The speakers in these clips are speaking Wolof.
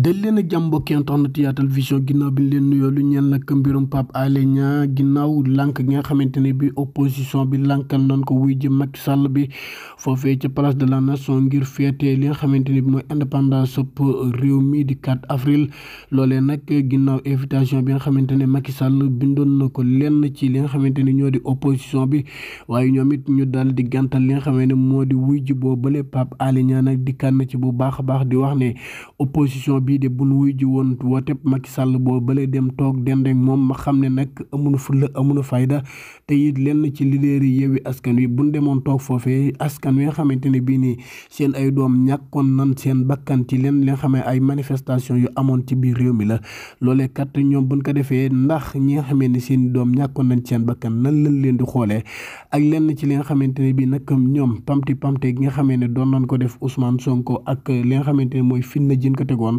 dal leen a jàmm mbokki internet Yaatal Vision ginnaaw bi leen nuyoo lu ñeel nag mbirum Pape Alé Niang ginnaaw lànk gi nga xamante ne bi opposition bi lànkal nañ ko wuy ji Macky Sall bi foofee ca place de la nation ngir feete li nga xamante ne bi mooy indépendant sëpp réew mii di 4 avril loolee nag ginnaaw invitation bi nga xamante ne Macky Sall bindoon na ko lenn ci li nga xamante ne ñoo di opposition bi waaye ñoom it ñu daal di gàntal li nga xamante ne moo di wuy ji boo bële Pape Alé nag di kànn ci bu baax a baax di wax ne opposition bi bii de bu nu wuy ji woon wooteb Macky Sall boo balee dem toog dendeek moom ma xam ne nag amunu fulla amunu fayda te it lenn ci leader yi Yewwi Askan Wi buñ demoon toog foofee askan wi nga xamante ne bii nii seen ay doom ñàkkoon nan seen bakkan ci leen li nga xamee ay manifestation yu amoon ci biir réew mi la loolee kat ñoom buñ ko defee ndax ñi nga xamee ne seen doom ñàkkoon nañ seen bakkan nan lañ leen di xoolee ak lenn ci li nga xamante ne bii nag ñoom pamti pamte gi nga xamee ne doon nañ ko def Ousmane Sonko ak li nga xamante ne mooy fin na jën ko tegoon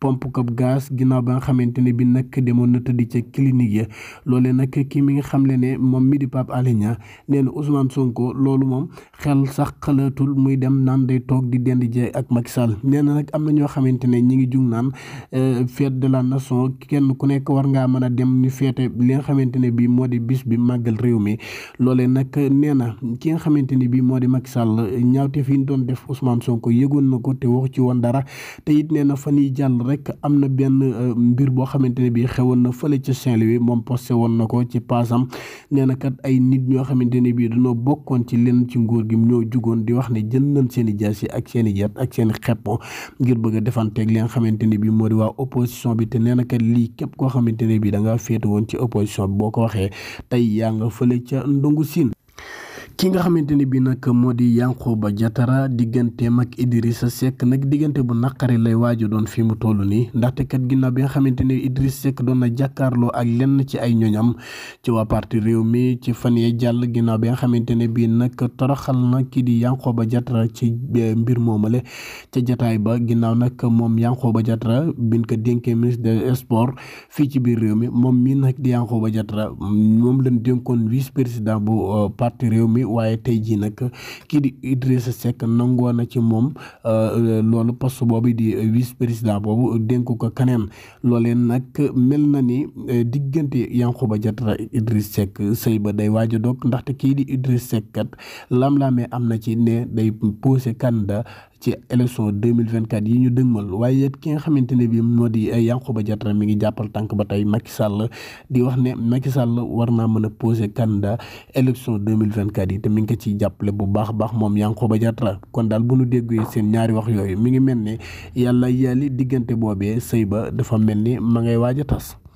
pompe ko gaz ginnaaw ba nga xamante ne bi nag demoon na tëddi ca clinique ya loolee nag kii mi nga xam le ne moom mi di Pape Alé Niang nee na Ousmane Sonko loolu moom xel sax xalaatul muy dem naan day toog di dend jee ak Macky Sall nee na nag am na ñoo xamante ne ñi ngi jug naan euh, fête de la nation kenn ku nekk war ngaa mën a dem ni feete li nga xamante ne bi moo di bis bi màggal réew mi loole nag nee na ki nga xamante ne bi moo di Macky Sall ñaawte fi ñu doon def Ousmane Sonko yëgoon na ko jàll rek am na benn euh, mbir boo xamante ne bii xewoon na fële ca Saint-Louis moom posté woon na ko ci paasam nee kat ay nit ñoo xamante ne bii dañoo bokkoon ci lenn ci ngóor gi mu ñoo jugoon di wax ne jënd nañ seen i jaas yi ak seen i jet ak seen i ngir bëgg a defanteeg li nga xamante ne bii moo di waa opposition bi te nee na lii képp koo xamante ne bii da ngaa féete woon ci opposition boo ko waxee tey yaa nga fële ca ndungu siin ki nga xamante ne bii nag moo di Yankhoba Diattara digganteem ak sa Seck nag diggante bu naqari lay waaj doon fii mu toll nii ndaxte kat ginnaaw bi nga xamante ne Idrissa sekk doon na jàkkaarloo ak lenn ci ay ñoñam ci waa parti réew mi ci fan yee jàll ginnaaw bi nga xamante ne bii nag toroxal na kii di ba Diattara ci e, mbir moomale ca jataay ba ginnaaw nag moom ba Diattara biñ ko dénkee ministre des sports fii ci biir réew mi moom mii nag di Yankhoba Diattara moom lañ dénkoon vice président bu e, parti réew mi waaye tey jii nag kii di Idrissa Seck nangoo na ci moom euh, loolu poste boobu di vice président boobu dénk ko kaneen loolee nag mel na ni euh, diggante ba Diattara Idriss Seck sëy ba day waaj a dog ndaxte kii di Idriss Seck kat lam-laamee am na ci ne day posé candidat ci deux vingt 2024 yi ñu dëgmal waaye it ki nga xamante ne bii moo di eh, Yankhoba Diattara mi ngi jàppale tànk ba tey Macky Sall di wax ne Macky Sall war naa mën a poser mille vingt 2024 yi te mi ngi ko ciy jàppale bu baax a baax moom Yankhoba Diattara kon daal bu nu déggee seen ñaari wax yooyu mi ngi mel ni yàlla yàlli diggante boobee sëy ba dafa mel ni ma ngay waaj a tas.